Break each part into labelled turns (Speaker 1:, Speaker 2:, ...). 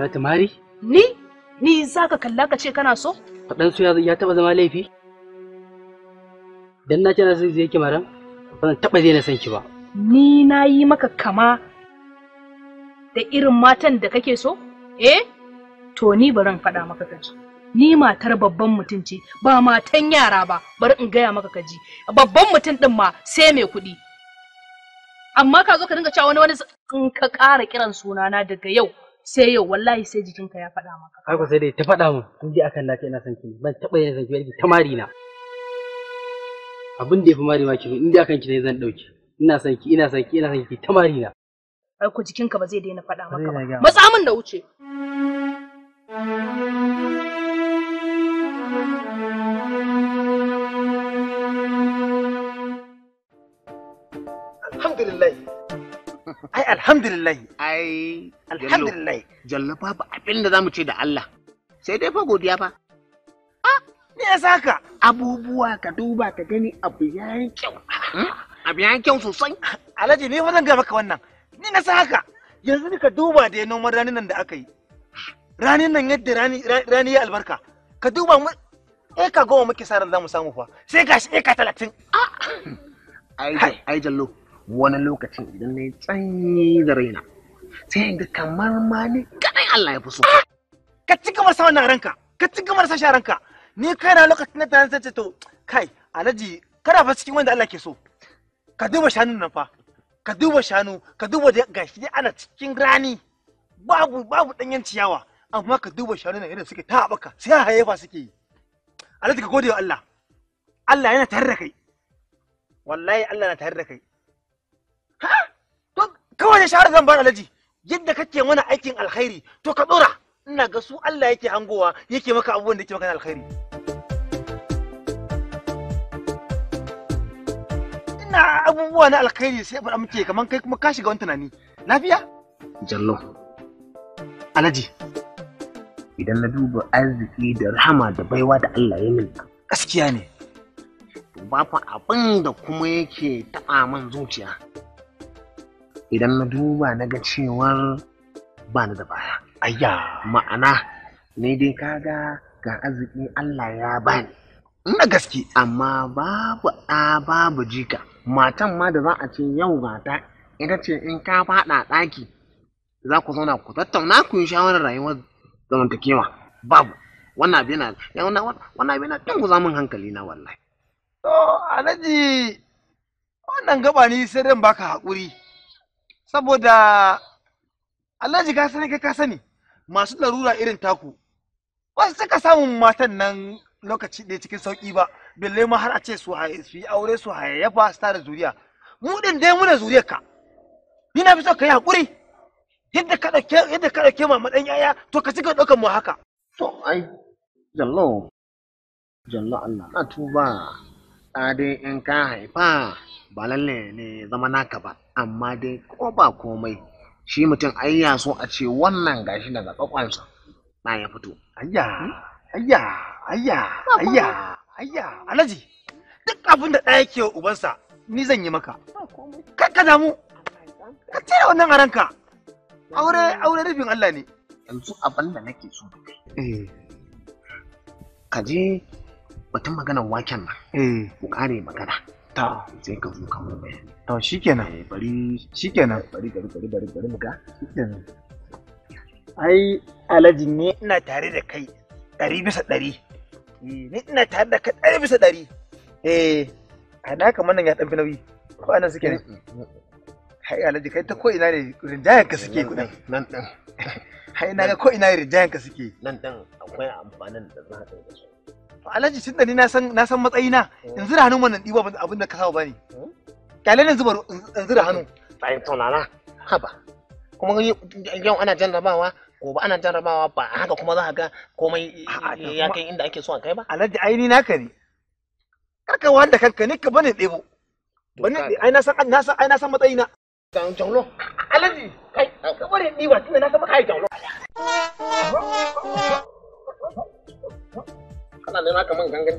Speaker 1: Talatu Mari?
Speaker 2: Ni? Ni za ka kalla ka ce
Speaker 1: kana so? su ya taɓa zama laifi? Dan na kira zai yake maran? Ban taɓa zai na san ki ba.
Speaker 2: Ni na yi maka kama da irin matan da kake so? Eh? To ni baran faɗa maka kaji. Ni matar babban mutum ce, ba matan yara ba, bari in gaya maka kaji. Babban mutum ɗin ma sai mai kuɗi. Amma ka zo ka dinga cewa wani wani in ka ƙara kiran sunana daga yau sai yau wallahi sai jikinka ya faɗa maka
Speaker 1: ai sai dai ta faɗa mun in dai akan lafiya ina son ki ban taɓa yin son ki ba ta mari na abin da ya fi mari ma ki in dai akan ki zan ɗauki ina son ki ina son ki ina son ki ta mari na
Speaker 2: ai jikinka ba zai daina faɗa maka ba matsa min da wuce
Speaker 3: alhamdulillah ai alhamdulillah jallafa ba abin da zamu ce da Allah sai dai fa godiya fa a ah, me ya saka abubuwa ka duba ka gani abu yayi kyau hmm? abu yayi kyau sosai alhaji ne fa zan ga maka wannan ni na sa haka yanzu ka duba da noman ranin nan da aka yi ranin nan yadda rani rani ya albarka ka duba mu ka goma muke sarar zamu samu fa sai gashi eka 30 ah. ai ai jallo wani lokacin idan na yi tsanyi da raina sai in ga kamar ma ni kadai Allah ya fi so ka ci gaba sa wannan ranka ka ci gaba sa ranka ni kai na lokacin na tana sai to kai alaji kada fa cikin wanda Allah ke so ka duba shanun nan fa ka duba shanu ka duba gashi dai ana cikin rani babu babu danyen ciyawa amma ka duba shanu na yadda suke ta haɓaka sai fa suke yi alaji ka gode wa Allah Allah yana tare da kai wallahi Allah na tare da kai to kawai da shahar zan bar alaji yadda kake mana aikin alkhairi to ka dora ina ga su Allah yake hangowa yake maka abubuwan da yake maka alkhairi ina abubuwa na alkhairi sai faɗa muke kaman kai kuma ka shiga wani tunani lafiya jallo alaji idan na duba arziki da rahama da baiwa da Allah ya min gaskiya ne fa abin da kuma yake taɓa man zuciya idan na duba na ga cewar ba ni da baya ayya ma'ana ne dai kaga ga arzikin Allah ya bani na gaske amma babu a babu jika matan ma da za a ce yau ba ta ita ce in ka faɗa ɗaki za ku zauna ku tattauna ku yi shawarar rayuwar zamantakewa babu wannan abin na wannan abin na ku zamun hankali na wallahi to alhaji wannan gaba ni sai dan baka haƙuri saboda alhaji ka sani ka sani masu larura irin taku ba su cika samun matan nan lokaci ɗaya cikin sauƙi ba balle ma har a ce su yi aure su ba su tara zuriya mu din dai muna zuriyar ka ni na fi so ka yi hakuri. yadda ka ɗauke yadda ka ɗauke ma maɗan yaya to ka cika ɗaukan mu haka to ai jallo jallo Allah na tuba ɗa dai in ka haifa ba lalle ne zama naka ba amma dai ko ba komai shi mutum ai ya so a ce wannan gashi daga kwakwansa na ya fito ayya ayya ayya ayya ayya alaji duk abin da ɗaya ke ubansa ni zan yi maka kar ka damu ka tira wannan a ranka aure aure rufin Allah ne yanzu abin da nake so eh. ka je batun maganar waken nan eh. ku kare magana ta ka zo kamar to shikenan eh, bari shikenan bari bari bari bari bari ai ne ina tare da kai ɗari bisa ɗari eh, ni ina tare da kai ɗari bisa ɗari eh a na kamar ya ɗan nauyi ko anan suke ne mm, mm, mm, hai kai ta ko ina ne rinjayen ka suke kuɗin nan ɗin hai na ga ko ina rinjayen ka suke nan ɗin akwai amfanin da za su alhaji tunda ni na san na san matsayina eh. in zira hannun wannan diba abin da ka saba bane eh? kyalen ne ba in zira hannu tsayin tunana haba kuma yau ana jarrabawa gobe ana jarrabawa ba haka kuma za ka ga komai ya kai inda ake so a kai ba alhaji aini ka ne karka wanda kanka ne ka bane ɗebo bane ai na san na san ai na san matsayina Gang jonglo. Alaji,
Speaker 4: kai, ka bari ni wa tunda na
Speaker 3: san kai ai jonglo. kana nema kaman gangan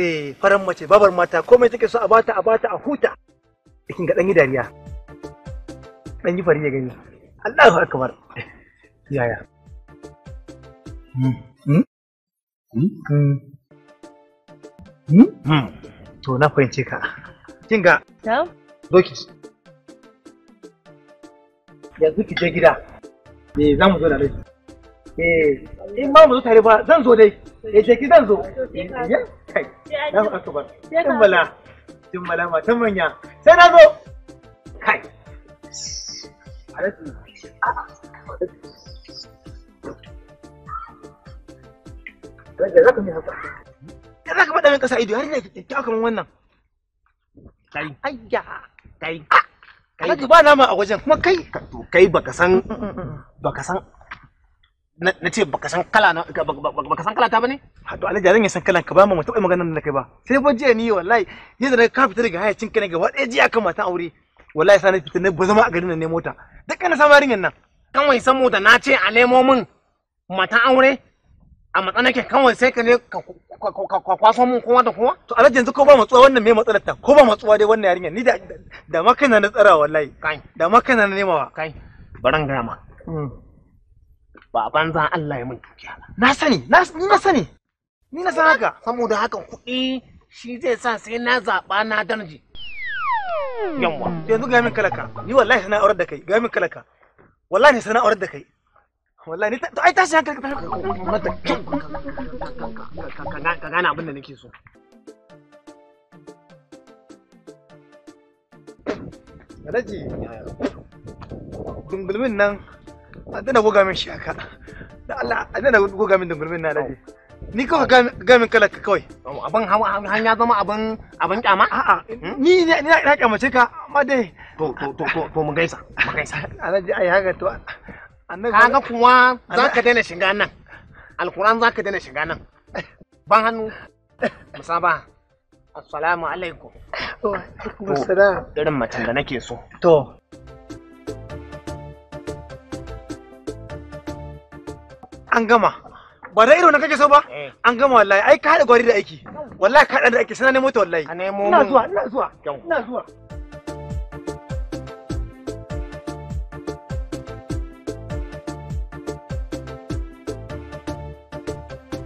Speaker 3: eh faran mace babar mata komai take so a bata a bata a huta eh, kin ga dan yi dariya dan yi fari ya gani Allahu akbar yaya hmm? Hmm? Hmm? to na fahimce ka kin ga doki yanzu ki je gida eh za mu zo da rai eh in ba mu zo tare ba zan zo dai eh je ki zan zo na fa asubar jummala jummala matan manya
Speaker 1: sai na zo kai
Speaker 3: Kai za ka mi haka. Ka za ka faɗa min ƙasa ido har ne kyakkyawa kamar wannan. Kai. Ayya. Kai. Kai. Ba nama a wajen kuma kai. Kai baka san mm, mm, mm, baka san na ce baka san kala na baka san kala ta bane ha to alhaji zan ya san kalan ka ba mu taɓa magana da kai ba sai fa jiya ni wallahi yanzu na ka fita daga hayacin ka ne ga wadai jiya kan mata aure wallahi sai na fita ne ba zama a garin nan ne mota duk na samu yarinyan nan wai san mota na ce a nemo min mata aure a matsa nake wai sai ka ne ka kwaso mun kowa da kowa to alhaji yanzu ko ba matsuwa wannan me matsalar ta ko ba matsuwa dai wannan yarinya ni da da makana na tsara wallahi da makana na nemawa kai baran gama ba a Allah ya min dukiya na sani ni na sani ni na san haka saboda haka kuɗi shi zai sa sai na zaɓa na darji yamma yanzu ga min kalaka ni wallahi sana aurar da kai ga min kalaka wallahi sana aurar da kai wallahi to ai tashi hankali ka ka gane abin da nake so Alhaji, dumbulmin nan a dana goga min shaka da Allah a dana goga min dungurmin na ni kawai ga min kawai abin zama abin abin kyama a'a hmm? ni ne na kyamace ka amma dai to to to to mu gaisa mu gaisa alaji ai haka to kaga zaka daina shiga nan alquran zaka daina shiga nan ban hannu musaba
Speaker 1: assalamu alaikum to
Speaker 3: irin macen da nake so to an gama ba da irin na kake so ba eh. an gama wallahi ai ka haɗa gwari da aiki wallahi ka haɗa da aiki sanane mota nemo ta wallahi ina zuwa ina zuwa ina zuwa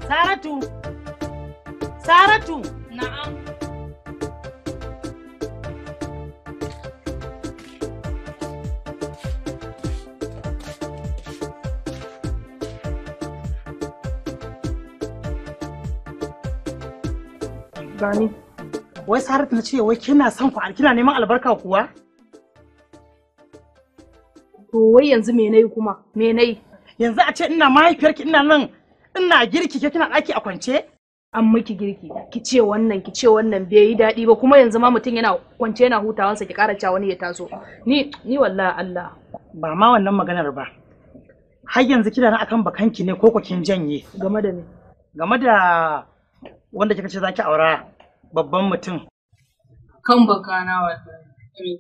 Speaker 1: Saratu Saratu na'am gani wai sarat na ce wai kina son ku kina neman albarka kuwa
Speaker 2: to wai yanzu me nayi kuma me nayi yanzu a ce ina mahaifiyarki ina nan ina girki ke kina daki a kwance an miki girki ki ce wannan ki ce wannan bai yi daɗi ba kuma yanzu ma mutum yana kwance yana hutawansa ki ƙara wani ya taso ni ni
Speaker 1: wallahi Allah ba ma wannan maganar ba har yanzu kina nan akan bakanki ne ko kin janye game da me game da wanda kika ce zaki aura babban mutum
Speaker 2: kan bakana wallahi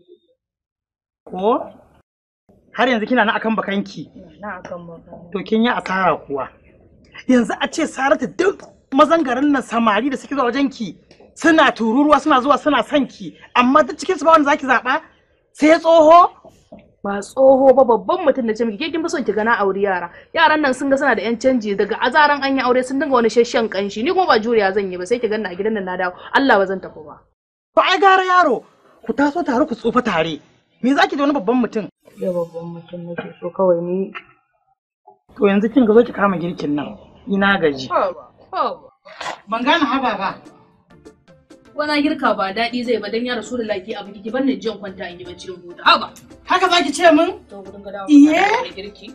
Speaker 1: ko har yanzu kina na akan bakanki na akan to kin yi asara kuwa yanzu a ce saratu duk mazan nan samari da suke zuwa wajenki suna tururuwa suna zuwa suna sanki amma duk cikin su ba wanda zaki zaba sai tsoho
Speaker 2: ba tsoho ba babban mutum da ce miki kin fi son ki gana aure yara yaran nan sun ga suna da yan canji daga azaran an yi aure sun dinga wani shashen kanshi ni kuma ba juriya zan yi ba sai ki ganna a gidan nan na dawo Allah ba zan tafi ba
Speaker 1: to ai gara yaro ku taso tare ku tsofa tare me zaki da wani babban mutum ya babban mutum nake so kawai ni to yanzu kin ga zo ki kama girkin nan ina gaji ban gana haba ba
Speaker 2: ko na girka ba daɗi zai ba dan ya su da lafiya abu ki ban nan jiyan kwanta in yi bacci in huta haba haka zaki ce min to gudun ga dawo da girki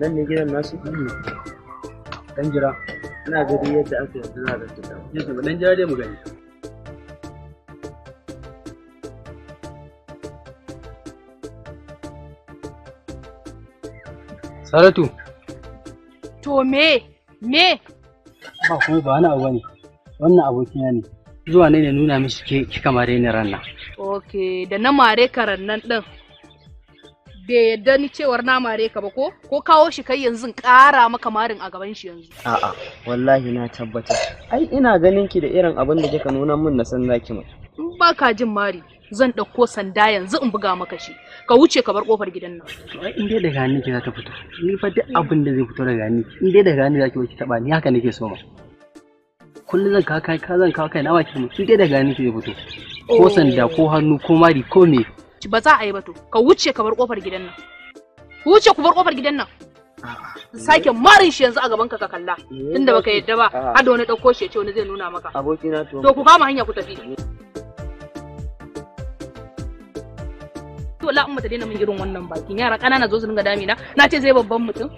Speaker 1: Nan ne gidan nasu?
Speaker 3: Dan jira. Ina gari yadda aka yarda da a zanta ta. Yadda dan jira dai mu gani.
Speaker 1: Saratu.
Speaker 2: To me? Me?
Speaker 1: Ba kuma ba wani abu ne. Wannan abokina ne. Zuwa ne na nuna mishi ke kika mare ni ranna.
Speaker 2: Ok, da na mare ka rannan nan din. Bai yadda ni cewar na mare ka ba ko? Ko kawo shi kai yanzu ƙara maka marin a gaban shi
Speaker 1: yanzu. A'a, wallahi na tabbata. Ai ina ganin ki da irin abin da kika nuna min na san zaki mai.
Speaker 2: Ba ka jin mari. zan ɗauko sanda yanzu in buga maka shi ka wuce ka bar kofar gidan nan
Speaker 1: in dai daga hannun ki za ta fito ni fa duk abin da zai fito daga hannun ki in dai daga hannun za ki wuce taba ni haka nake so ma kullum zan kawo kai ka zan kawo kai na baki mu in dai daga hannun ki zai fito
Speaker 2: ko oh. sanda
Speaker 1: ko hannu ko mari ko me
Speaker 2: ba za a yi ba to ka wuce ka bar kofar gidan nan ku wuce ku bar kofar gidan nan sake marin shi yanzu a gaban ka ka kalla eh, tunda baka yadda ba hada wani dauko shi ya ce wani zai nuna maka to ku kama hanya ku tafi wallahi in ta daina min irin wannan bakin yara kanana zo su dinga damina na ce zai babban mutum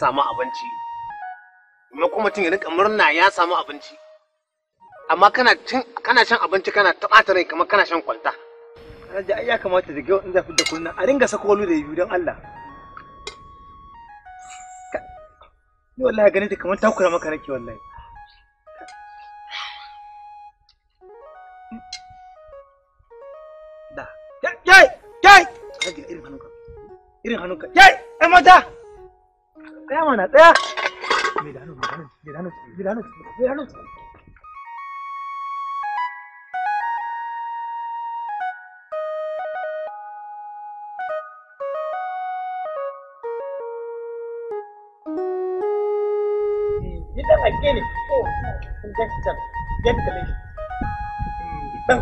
Speaker 3: samu abinci amma kuma mutum ya rika murna ya samu abinci amma kana cin kana shan abinci kana taɓata rai kamar kana shan kwalta kana ai ya kamata da gawa in zafi da kunna a ringa sako wani da biyu don Allah ni wallahi ganin ta kamar takura maka nake wallahi da yai yai irin hannunka irin hannunka yai ai mata tsaya mana tsaya Gidan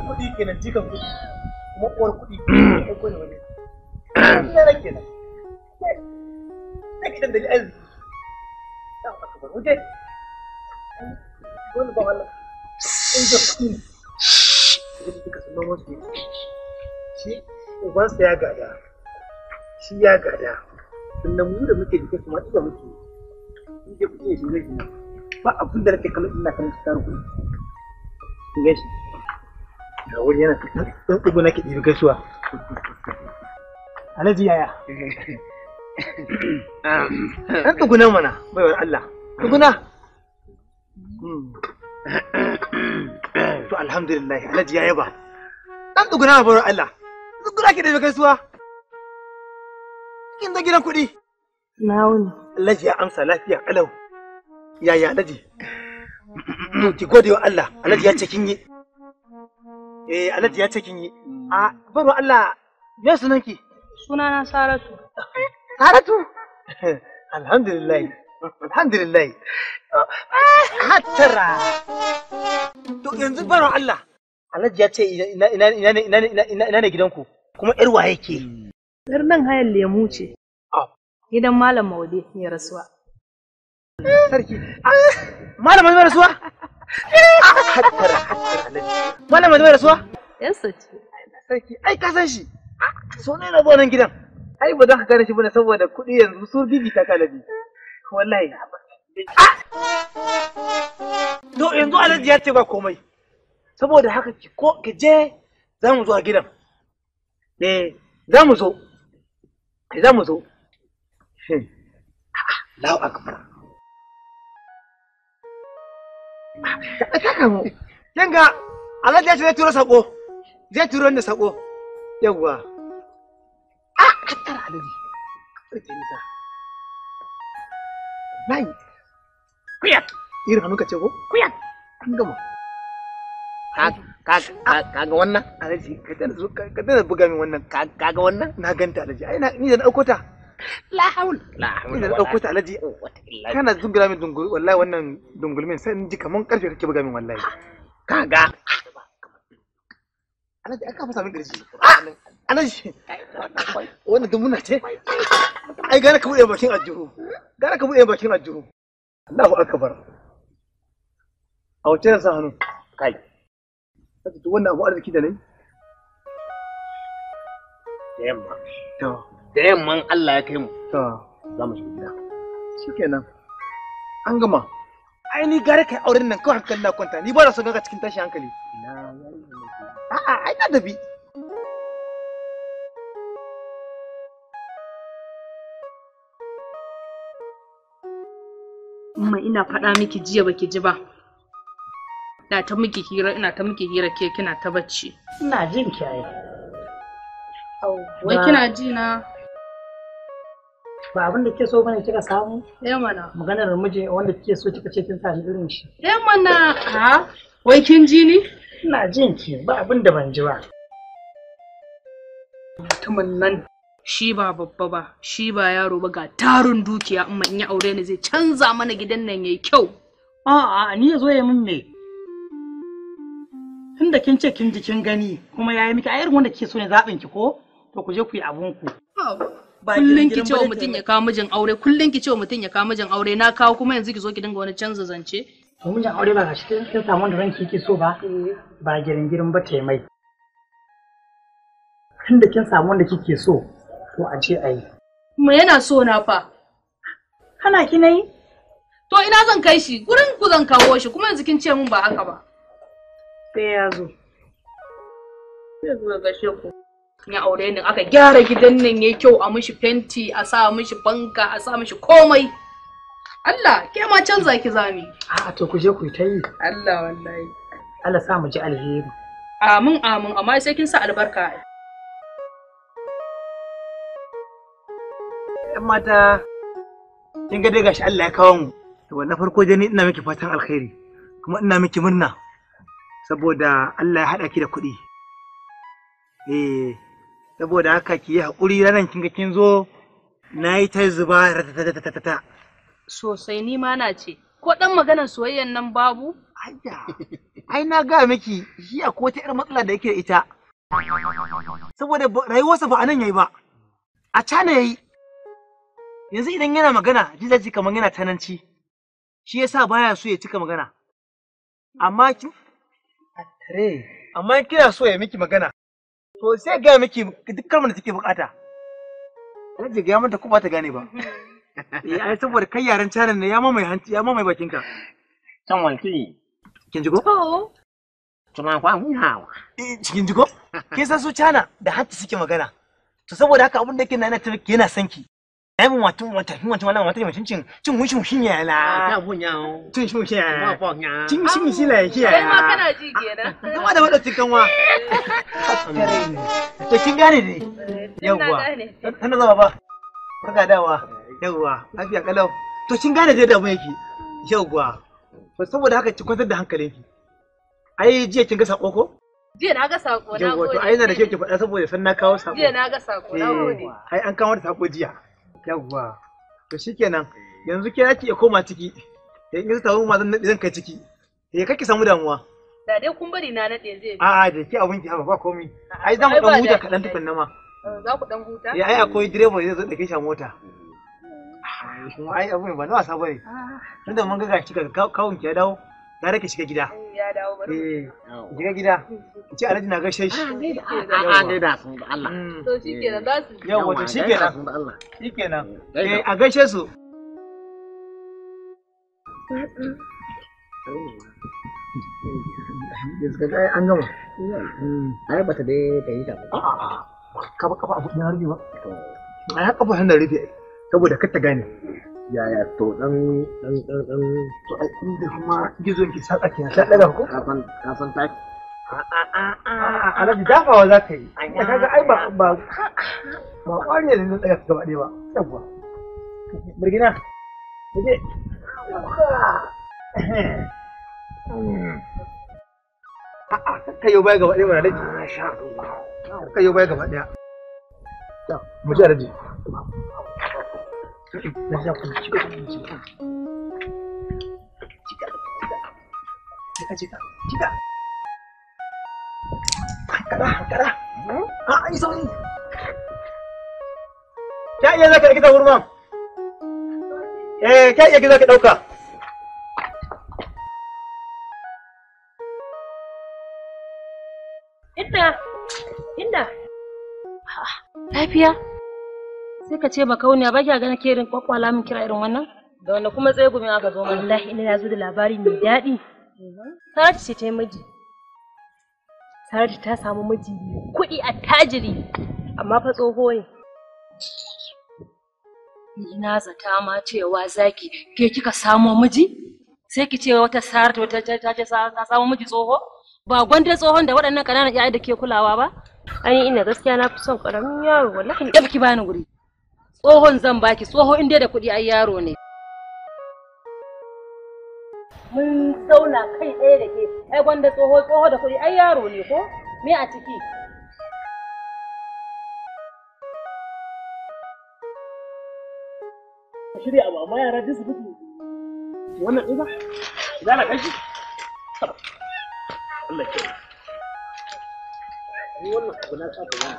Speaker 3: kuɗi kenan, jikan kuɗi, kuma uwar kuɗi, ɗan kuɗi wani. Sai da ba da ya gada shi ya da mana baiwar Allah Tuguna. To alhamdulillah Alhaji ya yaba. Dan tuguna a barin Allah. Tuguna ke da suwa Kin da gidan kuɗi. Na wuni. Alhaji ya amsa lafiya alau. Yaya Alhaji? To ki gode wa Allah. Alhaji ya ce yi. Eh Alhaji ya ce yi.
Speaker 1: A baro Allah me sunanki? Sunana Saratu. Saratu?
Speaker 3: Alhamdulillah. alhamdulillah
Speaker 1: hattara ah,
Speaker 4: ah,
Speaker 3: to yanzu baron Allah Alhaji ya ce ina ne gidanku kuma yar waye ke yar nan hayan lemu ce ah. gidan malam Maude ya rasuwa sarki
Speaker 1: malam Maude rasuwa hattara hattara
Speaker 3: malam Maude rasuwa
Speaker 1: Yan ce sarki ai ka san shi
Speaker 3: so ne na zo nan gidan ai ba za ka gane shi ba saboda kuɗi yanzu su bibi ta kalabi wallahi na ba to yanzu alhaji ya ce ba komai saboda haka ki ko ki je za mu zo a gidan
Speaker 1: eh za mu zo eh, za mu zo Allahu akbar
Speaker 3: Kaka mu kin ga alhaji ya ce zai turo sako zai turo ni sako yawwa
Speaker 1: ah alhaji layi kuyan irin hannunka ce ko kuyan an gama
Speaker 3: kaga wannan alaji ka tana buga min wannan kaga wannan na ganta alaji ai ni da dauko ta la haul la haul da dauko ta alaji oh, kana zungura min dungul wallahi wannan dungulmin sai ji kaman ƙarfe kake buga min wallahi kaga alaji aka fasa min karfi alaji wannan dumuna ce ai gane ka buɗe bakin aljihu gane ka buɗe bakin aljihu Allahu akbar a wace yasa hannu kai kace to wannan abu arziki da nayi da yamma to da yamma Allah ya kai mu to za mu shiga gida shikenan an gama ai ni gare kai auren nan kawai hankali na kwanta ni ba da son ga cikin tashin hankali a'a ai na tafi
Speaker 2: Umma ina faɗa miki jiya baki ji ba. Na ta miki hira ina ta miki hira ke kina ta bacci.
Speaker 1: Ina jin ki ai. Wai kina ji na ba abin da ke so bane kika samu? Eh mana. Maganar miji wanda kike so kika ce kin ni irin shi. Eh mana. Ha? Wai kin ji ni? Ina jin ki ba abin da ban ji ba.
Speaker 2: Mutumin nan shi ba babba ba shi ba yaro ba ga tarin dukiya in in ya
Speaker 1: aure ni zai canza mana gidan nan yayi kyau a'a ni ya zo ya min me tunda kin ce kin ji kin gani kuma yayi miki a irin wanda kike so ne zaɓin ki ko to ku je ku yi abun ku kullun ki ce wa mutum
Speaker 2: ya kawo mijin aure kullun ki ce mutum ya kawo mijin aure na kawo kuma yanzu ki zo ki dinga wani canza zance
Speaker 1: to mijin aure ba gashi kin samu wanda ranki yake so ba eh. ba girin girin ba taimai tunda kin samu wanda kike so ko a ce a yi.
Speaker 2: Kuma yana so na fa. Kana ki yi? To ina zan kai shi, gurin ku zan kawo shi kuma yanzu kin ce mun ba haka ba. Sai ya zo. Sai zo ga ku. Ya aure
Speaker 1: ni aka gyara gidan
Speaker 2: nan yayi kyau a mishi fenti, a sa mishi banka, a sa mishi komai. Allah, ke ma canza ki zami.
Speaker 1: A'a, to ku je ku ta yi.
Speaker 2: Allah wallahi.
Speaker 1: Allah sa mu ji alheri.
Speaker 2: Amin amin amma sai kin sa albarka.
Speaker 1: 'yan mata kin ga dai
Speaker 3: gashi Allah ya kawo mu to na farko dai ni ina miki fatan alkhairi kuma ina miki murna saboda Allah ya hada ki da kuɗi eh saboda haka ki yi hakuri, ranar kin ga kin zo na yi ta zuba ta
Speaker 2: sosai ni ma na ce ko dan maganar soyayyan nan babu ayya
Speaker 3: ai na ga miki shi akwai wata irin matsala da yake ita saboda rayuwarsa ba anan yayi ba a cana yayi yanzu idan yana magana ji zai kamar yana tananci shi yasa baya so ya cika magana amma ki attare amma kina so ya miki magana to sai ga miki duk kalmar da take bukata Alhaji ga mata ko ba ta gane ba eh ai saboda kai yaran canan ne ya mamaye hanci ya mamaye bakin ka can wanki. kin ji ko tuma kwa mun hawa eh kin ji ko kin san su cana da hanci suke magana to saboda haka abin da yake na yana yana sanki 哎，我中我等我中了，我等我真正中我上新年啦！中新年，中新年，我放年，真新鲜来些。哎，我看
Speaker 1: 到自己了。我的我的自己嘛。
Speaker 3: to kin gane ne yawwa tana zama ba ka ga dawa yawwa lafiya kalau to kin gane zai damu yake yawwa to saboda haka ki kwantar da hankalinki ai jiya kin ga sako ko
Speaker 2: jiya na ga sako na gode to ai
Speaker 3: da kyau ki faɗa saboda san na kawo sako jiya
Speaker 2: na ga sako
Speaker 3: an kawo da sako jiya yawwa to shikenan yanzu ke zaki ya koma ciki da in ta ma zan zan kai ciki eh kake samu damuwa
Speaker 2: da dai kun bari na nade zai a
Speaker 3: a da ke abin ki haba ba komai ai zan ku dan huta dan tukunna ma
Speaker 2: eh, za ku dan huta eh ai akwai direba
Speaker 3: zai zo da kisha mota eh. kuma ai abin ba na wasa bane ah. tunda mun ga gashi ka kawun ki ya dawo gara ki shiga gida. Eh, eh shiga gida. Ki ci alaji na gaishe shi. Ah, a ah, ah, gaida sun da Allah. Mm. To shikenan su. shikenan. Shikenan. Eh, eh, a gaishe su. Yanzu kaga an gama. Ai bata dai ta yi ta. kafa abu rufe ba. Ai hannun rufe. Saboda kar ta gane. yaya to dan dan dan dan to ai inda kuma gizo ki sa tsaki na ko ka san ka san a a a za ka yi da kaga ai ba ba ba gaba ba yawwa kaje ah, ah, baya gaba ɗaya mana baya gaba ɗaya mu ji Wanda ku shiga
Speaker 1: shiga. Shiga. Shiga shiga. Shiga. Hankara hankara. Ha ai sauri.
Speaker 3: Ya iya zaka ta gurman.
Speaker 1: Eh, ka iya ki ka dauka.
Speaker 4: Inna! inda, lafiya? sai ka ce ba kauni ba kya gana ke irin kwakwala min kira irin wannan da wanda kuma tsaye gumin aka zo mana wallahi ina yazo da labari mai daɗi mhm. Saratu ce ta yi miji Saratu ta samu miji
Speaker 2: kuɗi a tajiri
Speaker 4: amma fa tsoho ne ina zata ma cewa zaki ke kika samo miji sai ki ce wata saratu ta ta ce ta samu miji tsoho ba gwanda tsohon da waɗannan ƙananan ƴaƴa da ke kulawa ba an yi ina gaskiya na fi son ƙaramin yaro wallahi da ki bani guri tsohon zan baki tsoho inda da kuɗi ai yaro ne mun zauna kai ɗaya da ke ai gwanda tsoho tsoho da kuɗi ai yaro ne ko me a ciki
Speaker 3: shirya abu amma yara duk su wannan ɗin ba za na kashi Allah ke wannan abu na tsaka yana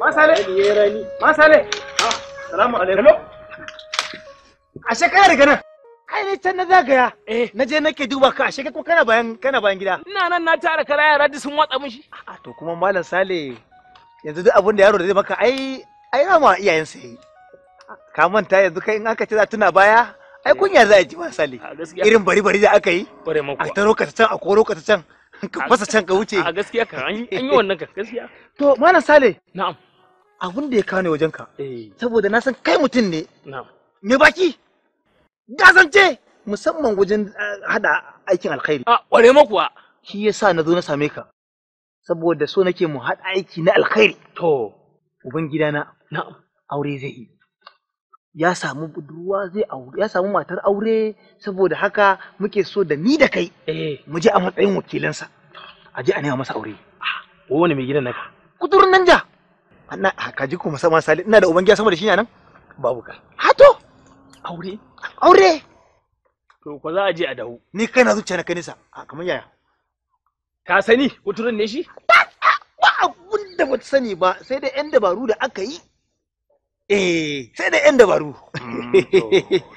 Speaker 3: Masale. Masale. Ah, salamu alaikum. Ashe kai daga nan. Ai ne can na zagaya. Eh. Na je nake duba ka ashe kuma kana bayan kana bayan gida. Ina nan na tara kara yara duk sun watsa mun shi. A to kuma Malam Sale yanzu duk abin da yaro da zai maka ai ai rama iyayensa yayi. Ka manta yanzu kai in aka ce za tuna baya ai eh. kunya za a ji Malam Sale. Irin bari bari da aka yi. A taro ka ta can a koro ka ta can. ka kwasa can ka wuce a gaskiya ka an yi wannan ka gaskiya to malam sale na'am abun da ya kawo ne wajen ka eh. saboda na san kai mutum ne na'am me baki gazance musamman wajen eh, hada aikin alkhairi a kware kuwa. shi yasa na zo na same ka saboda so nake mu hada aiki na alkhairi to ubangidana na'am aure zai yi ya samu budurwa zai aure ya samu matar aure saboda haka muke so da ni da kai Eh, mu je a matsayin wakilansa a je a nema masa aure wani mai gidan naka kudurin nan ja ana ka ji kuma sama sali ina da ubangiya sama da shi nan babu ka hato aure aure to ko za a je a dawo ni kai na zuciya na kai nisa a kamar yaya ka sani kudurin ne shi ba abun da ba sani ba sai da yan dabaru da aka yi eh sai da yan dabaru mm,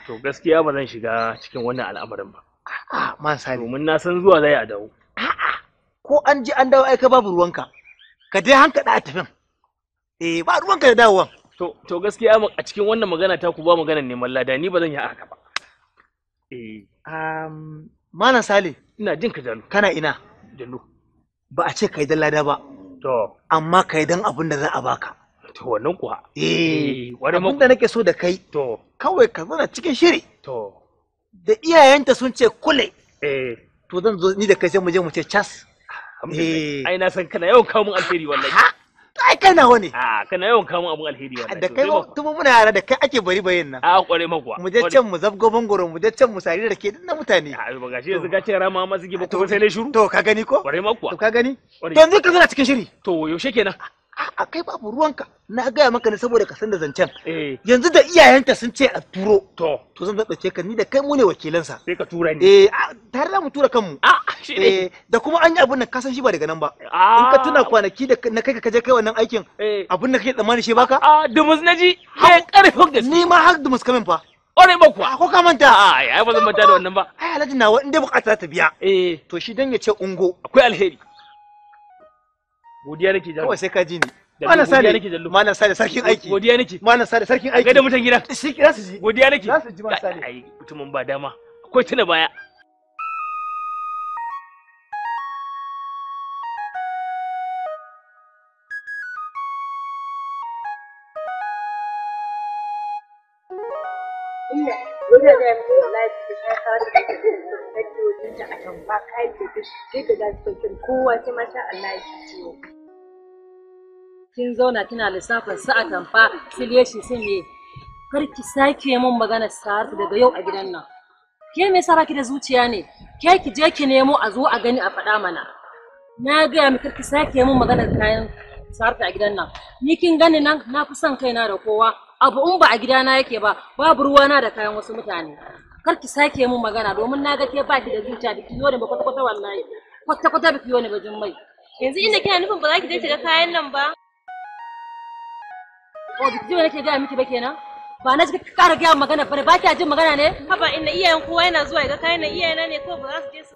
Speaker 3: to gaskiya ba zan shiga cikin wannan al'amarin ba a'a man sani domin na san zuwa zai a dawo a'a ko an ji an dawo ai ka babu ruwanka ka dai hanka da tafin eh ba ruwanka da dawowa. to to gaskiya a cikin wannan magana ta ku ba maganar neman lada ni ba zan yi haka ba eh um mana sale ina jin ka jalu kana ina jalu ba a ce kai dan lada ba to amma kai dan abin da za a baka To wannan kuwa. Eh, eh abin da nake so da kai. To. Kawai ka zana cikin shiri. To. Da iyayenta sun ce kule. Eh. To zan zo ni da kai sai mu je mu ce cas. Eh. Ai na san kana yawan kawo mun alheri wallahi. Ai kai na ne. Ah, kana yawan kawo mun abun alheri wallahi. Da kai tuma muna yara da kai ake bari bayin nan. Ah, kware makuwa. Mu je can mu zabgo bangoro mu je can mu sari da ke na mutane. Ah, ba gashi yanzu gace yara ma zige ba ko ah, sai ne shuru. To ka gani ko? Kware makuwa. To ka gani? To yanzu ka zana cikin shiri. To yaushe kenan? a'a kai babu ruwanka na gaya maka ne saboda ka san da zancen eh. yanzu da iyayenta sun ce a turo to to zan dauke ka ni da kai mu ne wakilansa sai ka tura ni eh tare da mu tura kanmu a ah, shi ne eh, da kuma an yi abun nan ka san shi ba daga nan ba in ka tuna ah. kwanaki da na kai ka kaje kai wannan aikin eh. abun da kake tsammani shi baka a ah, dumus naji kai karfin gaske ni ma har dumus kamen fa ore ba kuwa ko ka manta a ai ba zan manta da wannan ba ai alhaji nawa in dai bukata ta biya eh to shi dan ya ce ungo akwai alheri godiya nake jallu kawai sai ka ji ni mana sale nake jallu malam sale sarkin aiki godiya nake malam sale sarkin aiki gaida mutan gida shi za su ji godiya nake za su ji malam sale ai mutumin ba dama akwai tuna baya
Speaker 4: Thank you. kowace mata Allah ya ciwo kin zauna kina lissafin a tamfa filiye shi sai me kar ki sake mun magana sa'ar daga yau a gidan nan ke me sa ki da zuciya ne ke ki je ki nemo a zo a gani a faɗa mana na gaya miki kar ki sake mun magana kayan sa'ar a gidan nan ni kin gani nan na kusan kaina da kowa abu in ba a gidana yake ba babu ruwa ruwana da kayan wasu mutane kar ki sake mun magana domin na ga ke ba ki da zuciya da ki zo ba kwata-kwata wallahi kwata kwata biki wani bajin mai yanzu inda kina nufin ba za ki je ki ga kayan nan ba o oh, biki ji nake gaya miki ba kenan ba na kika ƙara gaya magana ba ba kya jin magana ne haba inda iyayen kowa yana zuwa ya ga kayan nan iyayen ne kawai ba za su je su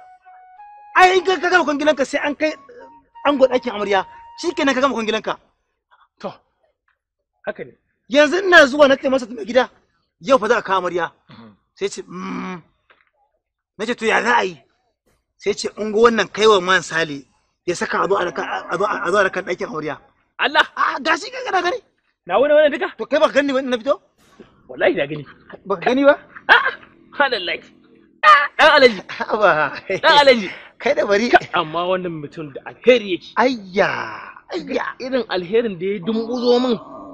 Speaker 3: ai in ka gama kwangilanka ka sai an kai ango ɗakin amarya kenan ka gama kwangilanka ka to haka ne yanzu ina zuwa na masa mai gida yau fa za a kawo amarya mhm. sai ce mm. na ce to ya za a yi sai ce ungo wannan wa man sale ya saka a zo a zo a kan ɗakin amarya Allah a gashi ka gana gani na wani wani duka to kai ba gani wani na fito wallahi na gani ba gani ba a'a ah, halallahi dan ah, alaji dan alaji kai da bari amma wannan mutum da alheri yake ayya ayya irin alherin da ya dumbuzo min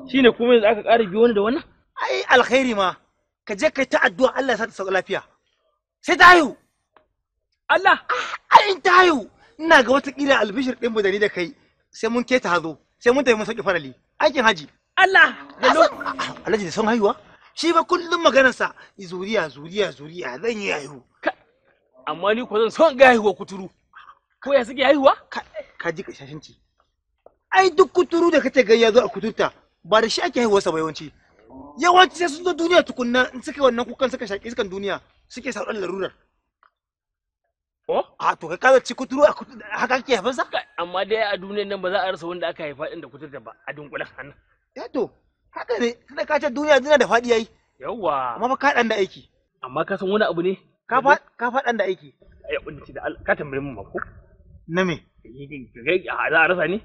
Speaker 3: shine kuma yanzu aka ƙara biyo wani da wannan ai alheri ma ka je kai ta addu'a Allah ya sa ta sauka lafiya sai ta haihu Allah ah, ai in ta haihu ina ga wata kila albishir din mu da ni da kai sai mun keta hazo sai mun tafi mun sauki farali aikin haji Allah ah, Alhaji da son haihuwa shi ba kullum maganarsa zuriya zuriya zuriya zan yi haihu amma ni kuwa zan so in ga haihuwa kuturu ko ya suke haihuwa ka ji kashashinci ai duk kuturu da kace ya zo a kuturta ba da shi ake haihuwa sa yawanci yawanci sai sun zo duniya tukunna in suka wannan kukan suka shaki sukan duniya suke sauran larurar Oh? A to kai kaza ci kuturu a kuturu haka kake haifar sa? Amma dai a duniyar nan ba za a rasa wanda aka haifa din da kuturta ba a dunkulan hannun. Ya to haka ne tunda ka ce duniya duniya da faɗi yayi. Yawwa. Amma ba ka dan da aiki. Amma ka san wani abu ne ka faɗan da aiki ya kunci da ka tambaye mu mako na me a za a rasa ni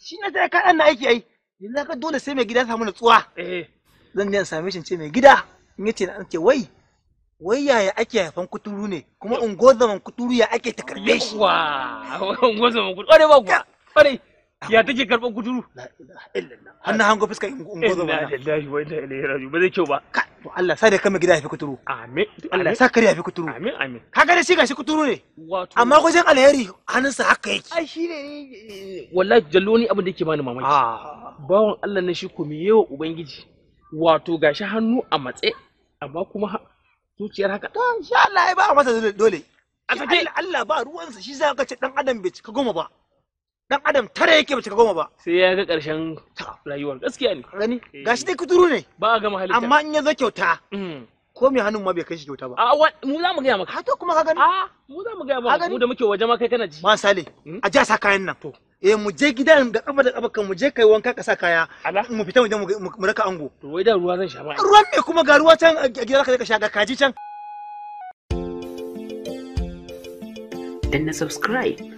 Speaker 3: shi na ta kaɗan da aiki ai yanzu ka dole sai mai gida samu natsuwa eh. zan je in same shi ce mai gida in yace na ce wai wai yaya ake haifan kuturu ne kuma ungozaman kuturu ya ake ta karbe shi wa ungozaman kuturu ƙwarai ba kuwa ƙwarai ya take karɓar kuturu hannu hango fuskar ungozaman ba zai kyau ba to Allah sa da kama gida ya fi kuturu amin Allah sa kare ya fi kuturu amin amin kaga da shi gashi kuturu ne amma wajen alheri hannunsa haka yake ai shi ne wallahi jalloni ni abin da yake bani mamaki ah. bawan Allah na shi ko me yawa ubangiji wato gashi hannu a matse amma kuma zuciyar haka to insha Allah ai ba masa dole a Allah ba ruwansa shi zaka ka ce dan adam bai ka goma ba dan adam tare yake bace ka goma ba sai ya ga karshen rayuwar gaskiya ne gani eh. gashi dai kuturu ne ba a gama amma in ya zo kyauta mm. ko mai hannun ma bai kai shi kyauta ba a mu za mu gaya maka to kuma ka gani a mu za mu gaya maka mu da muke waje ma kai kana ji ma sale mm. a ja sa kayan nan to eh mu je gidan ga kafa da kafa kan mu je kai wanka ka sa kaya mu fita mu je mu raka ango to wai da ruwa zan sha ba ruwan me kuma ga ruwa can a gidan ka je ka sha ga kaji can na subscribe